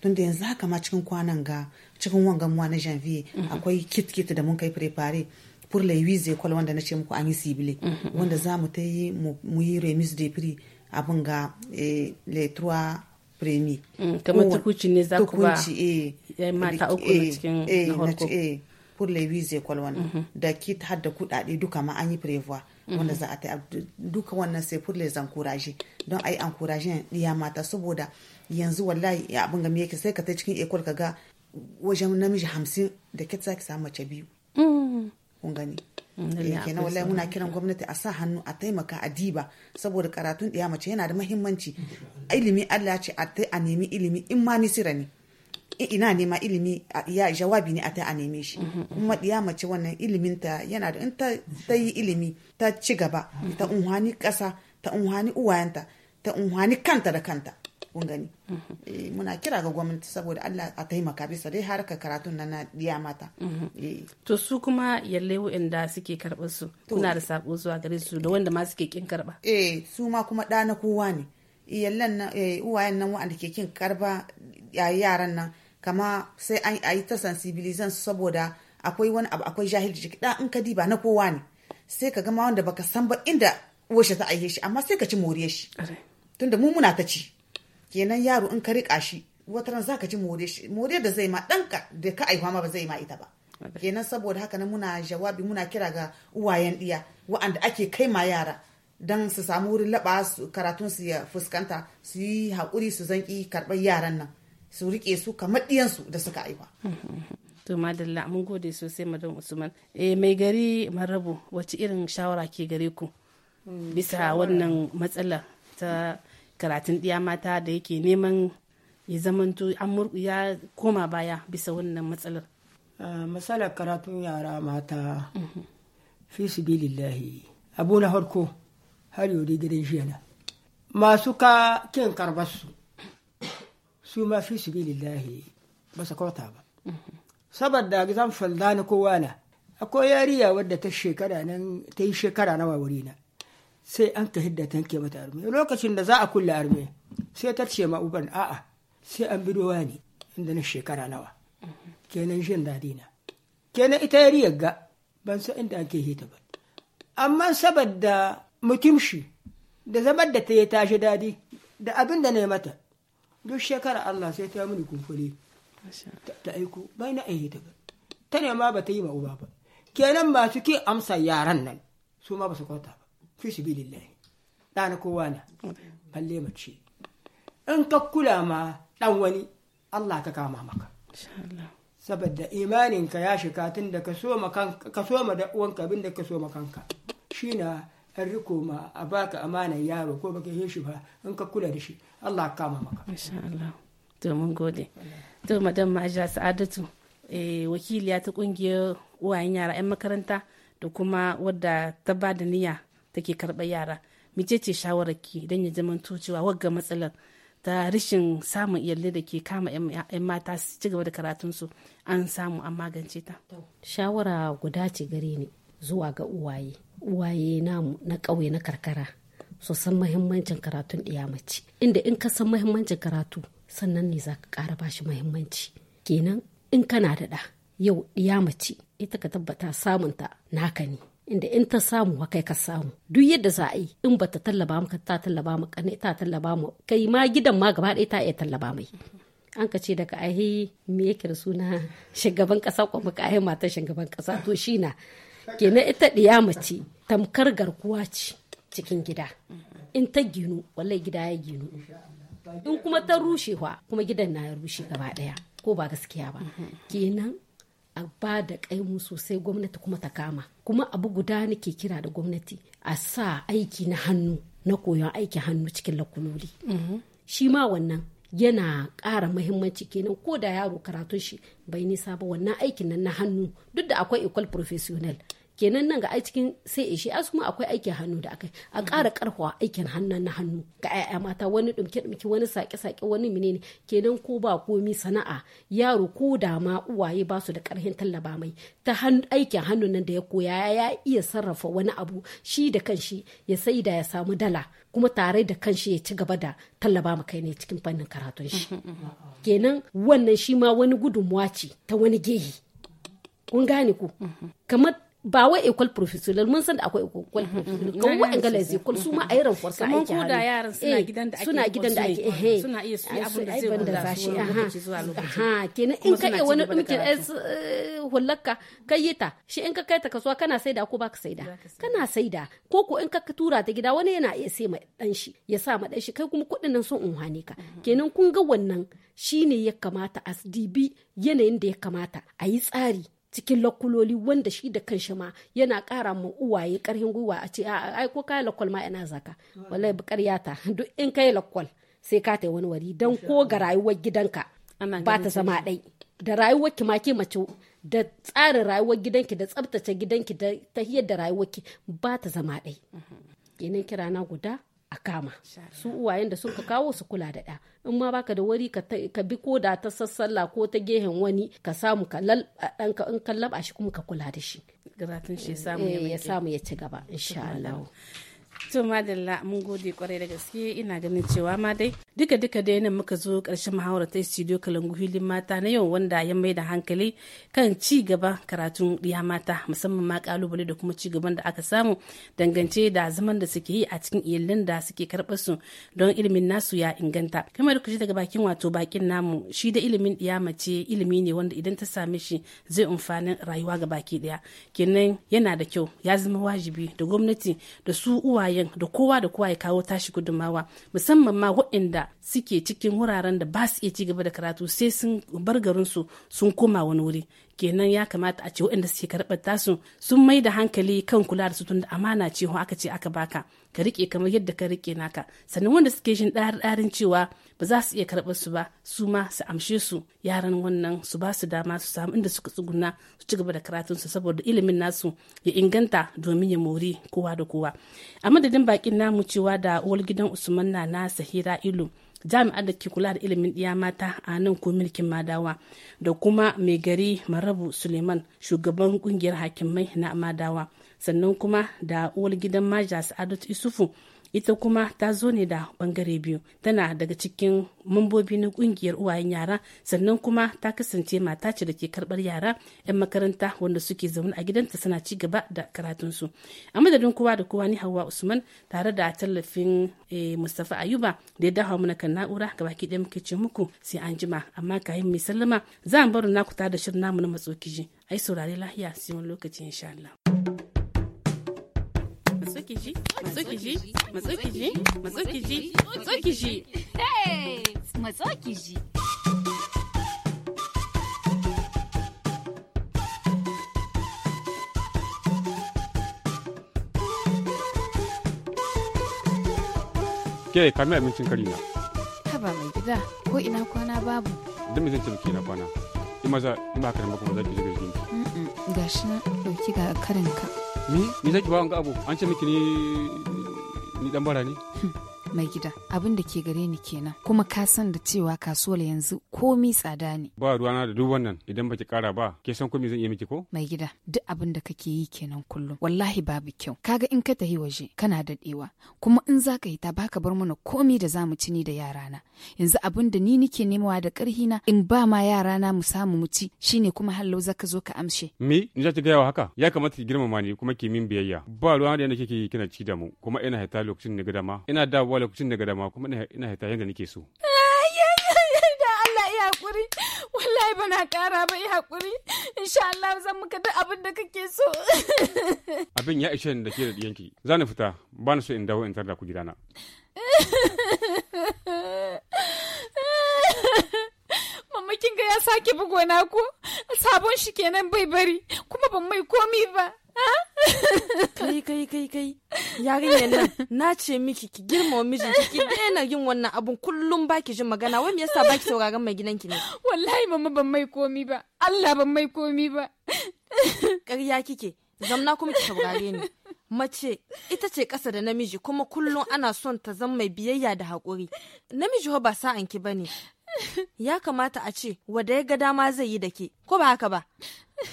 tun da yanzu haka ma cikin kwanan ga cikin wangan na janvier mhm. akwai kit kit da mun kai prepare pour les huit écoles wanda na ce muku an yi sibile mhm, mhm. wanda za mu ta yi mu yi remise de prix abin ga eh, les trois premi mm, kamar tukunci ne za ku ba eh, mata uku na cikin eh, na pour les huit écoles wanda da kit har da kudade duka ma an yi prévoir wanda za a ta duka wannan sai pour les encourager don ai encourager ya mata saboda yanzu wallahi ya abin game yake sai ka ta cikin ekol ka ga wajen namiji hamsin da ke za samu mace biyu mm. kun gani mm, eh, na wallahi muna kiran gwamnati a sa hannu a taimaka a diba saboda karatun ɗaya mace yana da mahimmanci ilimi Allah ce a ta a nemi ilimi in ma misira ne ina nema ilimi ya jawabi ne a ta a neme shi mm-hmm. kuma ɗiya mace wannan ilimin ta yana da in ta yi ilimi ta ci gaba ta unhani ƙasa ta unhani uwayenta ta unhani kanta da kanta kun gani eh, muna kira ga gwamnati saboda Allah a taimaka bisa dai harka karatun nan na diya mata eh. to su kuma yalle wa'anda suke karɓar su kuna da sabo zuwa gare su da wanda ma suke kin karɓa eh su ma kuma da na kowa ne eh, yallan nan uwayen nan wa'anda ke kin karba yaran nan kama sai an yi ta sensibilizan saboda akwai wani abu akwai jiki da in ka diba na kowa ne sai ka gama wanda baka san ba inda washe ta aihe shi amma sai ka ci moriyar shi tunda mu muna ta ci kenan yaro in ka rika shi wata ran zaka ji more shi da zai ma danka da ka aihuwa ma ba zai ma ita ba kenan saboda haka na muna jawabi muna kira ga uwayen diya wa'anda ake kai ma yara don su samu wurin laba karatun su ya fuskanta su yi haƙuri su zanki karɓar yaran nan su rike su kamar ɗiyansu da suka aihuwa to madalla mun gode sosai madam usman eh mai gari marabu wace irin shawara ke gare ku hmm, bisa wannan matsala ta karatun ɗiya mata da yake neman ya zamanto ya koma baya bisa wannan matsalar ah, matsalar karatun yara mata mhm. fi su lillahi abu na harko har yau gidan jiya masu ka kin karbar su su ma fi su lillahi ba su kauta ba mhm. saboda zan da na kowa na akwai yariya wadda ta shekara yi shekara nawa wuri na sai an ka hidda tanke mata arme lokacin da za a kulle arme sai ta ce mauban a'a sai an bi dowa ne inda na shekara nawa kenan jin dadi na kenan ita yari yagga ban san inda ake hita ba amma saboda mutumshi da zamar da ta yi tashi daɗi da abin da na mata duk shekara Allah sai ta mini kumfuli ta aiko bai na aiki ta ta nema ba ta yi mauba ba kenan masu ke amsa yaran nan su ma ba su kwata fi sabilillahi ɗana kowa na balle mace in ka kula ma ɗan wani Allah ka kama maka saboda imaninka ya shiga tun da ka ma da uwanka abin da ka ma kanka shi na an riko ma a baka amanar yaro ko baka yi shi ba in ka kula da shi Allah ka kama maka to mun gode to madam maja sa'adatu eh, wakiliya ta kungiyar uwayen yara 'yan makaranta da kuma wadda ta ba da niyya take karɓar yara ce shawarar ki don ya zama cewa wagga matsalar ta rashin samun iyalai da ke kama 'yan mata su ci gaba da karatunsu an samu an magance ta. Shawara guda ce gare ni zuwa ga uwaye. Uwaye namu na ƙauye na karkara su san mahimmancin karatun mace. Inda in ka san mahimmancin karatu sannan ne za ka ƙara ba shi mahimmanci. Kenan in kana da ɗa yau mace ita ka tabbata samunta naka ne. inda in ta samu kai ka samu duk yadda za a yi in ba ta tallaba maka ta tallaba ma ne ta tallaba mu kai ma gidan ma gaba ɗaya ta iya tallaba mai an ka ce daga ahi me yake da suna shugaban kasa ko muka ahi mata shugaban kasa to shi na kenan ita ɗiya mace tamkar garkuwa ce cikin gida in ta ginu wallahi gida ya ginu in kuma ta rushewa kuma gidan na ya rushe gaba ɗaya ko ba gaskiya ba kenan a ba da kaimu sosai gwamnati kuma ta kama kuma abu guda nake kira da gwamnati a sa aiki na hannu na koyon aikin hannu cikin lakuloli mhm. shi ma wannan yana ƙara mahimmanci kenan ko da yaro karatun shi bai nisa ba wannan aikin nan na hannu duk da akwai ecole professionnel kenan nan ga ai cikin sai a shi kuma akwai aikin hannu da akai a ƙara karfawa aikin hannun na hannu ga 'ya'ya mata wani dumke dumke wani sake sake wani menene kenan ko ba komi sana'a yaro ko da ma uwaye ba su da ƙarfin tallaba mai ta aikin hannun nan da ya koya ya iya sarrafa wani abu shi da kanshi ya sai saida ya samu dala kuma tare da kanshi ya ci gaba da tallaba ma kai ne cikin fannin karatun shi mm-hmm, mm-hmm. kenan wannan shi ma wani gudunmuwa ce ta wani gehi kun gane ku mm-hmm. kamar ba wai école professionnel mun san da akwai école professionnel mm-hmm, mm-hmm. kan wa'anga les école su ma a yi ranfor sa aiki hannu da yaran suna eh, gidan da ake suna gidan da ake eh, eh suna iya su abin da zai wanda za shi aha aha kenan in ka yi wani dinkin eh, hullakka kai yi ta shi in ka kai ta kasuwa kana saida ko baka saida kana saida ko ko in ka tura ta gida wani yana iya sai ma dan shi ya sa ma dan shi kai kuma kudin nan sun unhane ka mm-hmm. kenan kun ga wannan shine ya kamata as dibi yanayin da ya kamata a yi tsari cikin lakuloli wanda shi da kanshi ma yana ƙara ma uwaye ƙarfin gwiwa a ce ai ko kai lakwal ma ina zaka wallahi bi ƙaryata duk in kai lakwal sai ka tai wani wari dan ko ga rayuwar gidanka ba ta zama ɗai da rayuwar ki ma ke mace da tsarin rayuwar gidanki da tsabtace gidanki da tahiyar da rayuwar ki ba ta zama ɗai mhm. kenan kirana guda a kama su uwayen da sun ka kawo su kula da ɗa in ma baka da wari ka bi ko da ta sassalla ko ta gehen wani ka samu ka ka shi kuma ka kula da shi. Gratun shi ya eh, samu ya ci gaba insha Allah. to madalla mun gode kwarai da gaske ina ganin cewa ma dai duka duka dai nan muka zo karshen muhawara ta studio kalangu hilin mata na yau wanda ya mai da hankali kan ci gaba karatun ɗiya mata musamman ma kalubale da kuma ci gaban da aka samu dangance da zaman da suke yi a cikin iyalin da suke karɓar su don ilimin nasu ya inganta kamar ji daga bakin wato bakin namu shi da ilimin ɗiya mace ilimi ne wanda idan ta same shi zai amfanin rayuwa ga baki ɗaya kenan yana da kyau ya zama wajibi da gwamnati da su uwaye yin da kowa da kowa ya kawo tashi gudunmawa musamman ma waɗanda suke cikin wuraren da ba su iya ci gaba da karatu sai sun bar garinsu sun koma wani wuri kenan ya kamata a ce waɗanda suke karɓar tasu sun mai da hankali kan kula da su da amana ce aka ce aka baka ka rike kamar yadda ka rike naka sannan wanda suke jin ɗarin cewa ba za su iya karɓar su ba su ma su amshe su yaran wannan su ba su dama su samu inda suka tsuguna su ci gaba da karatun su saboda ilimin nasu ya inganta domin ya mori kowa da kowa a madadin bakin namu cewa da uwar gidan usman na na sahira ilu jami'ar da ke kula da ilimin ɗiya mata a nan ko milkin madawa da kuma mai gari marabu suleiman shugaban kungiyar hakimai na madawa sannan kuma da uwar gidan maja sa'adatu isufu ita kuma ta zo ne da bangare biyu tana daga cikin mambobi na kungiyar uwayen yara sannan kuma ta kasance mata ce da ke karbar yara 'yan makaranta wanda suke zaune a gidanta suna ci gaba da karatunsu a madadin kowa da kowa ni hawa usman tare da tallafin eh, mustapha ayuba da ya dawo mana kan na'ura ga baki ɗaya muke ce muku sai an jima amma kayan mai sallama za mu na ku tare da shirin namu na kiji ai saurari lahiya sai wani lokaci insha Allah. Kiji. matsukiji matsukiji matsukiji matsukiji hey matsukiji ke kame abincin kari na haba mai gida ko ina kwana babu don me zan ce biki na kwana in maza in ba karin ba kuma za ki shiga jikinki shi na dauki ga karinka mi mi zaki ba wanga abu an ce miki ni ni dan bara mai gida abin da ke gare ni kenan kuma ka san da cewa kasuwar yanzu komi tsada ne ba ruwana da duk wannan idan baki kara ba ke san komi zan iya miki ko mai gida duk abin da kake yi kenan kullum wallahi babu kyau ka ga in ka tafi waje kana da daɗewa kuma in za ka yi ta baka bar mana komi da zamu ci ni da yarana yanzu abin da ni nike nemawa da ƙarhi na in ba ma yarana mu samu mu ci shine kuma hallo ka zo ka amshe me ni za ki gaya wa haka ya kamata ki girmama ni kuma ki min biyayya ba ruwana da yanda kike kina ci da mu kuma ina haita lokacin ne gida ma ina dawowa lokacin daga dama kuma ina haita yadda nake so. da Allah ya hakuri wallahi bana kara ba ya hakuri insha Allah zan muka da abin da kake so. Abin ya ishe da ke da yanki. za ni fita ba na so in dawo in tarda ku gidana. Mamakin ga ya sake bugona ko sabon shi kenan bai bari kuma ban mai komi ba. kai kai kai kai nan na ce miki ki girmama miji ki daina yin wannan abun kullum baki jin magana wai me yasa baki sauraron mai ki ne wallahi mama ban mai komi ba Allah ban mai komi ba ƙarya kike zamna kuma ki saurare ni mace ita ce ƙasa da namiji kuma kullum ana son ta zama mai biyayya da haƙuri namiji ba sa'an ki bane ya kamata a ce wada ya ga dama zai yi da ke ko ba haka ba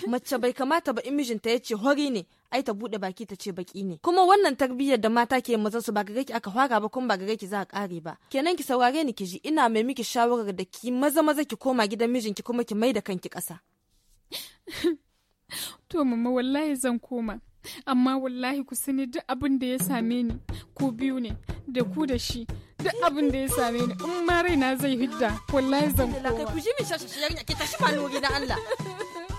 mace bai kamata ba in mijinta ya ce hori ne ai ta bude baki ta ce baki ne kuma wannan tarbiyyar da mata ke maza su ba ga gaki aka fara ba kuma ba ga gaki za a kare ba kenan ki saurare ni ki ji ina mai miki shawarar da ki maza maza ki koma gidan mijinki kuma ki mai da kanki kasa to mama wallahi zan koma amma wallahi ku sani duk abin da ya same ni ku biyu ne da ku da shi duk abin da ya same ni in ma raina zai hidda wallahi zan kowa. Ku ji min shashashi yarinya ke tashi ma na Allah.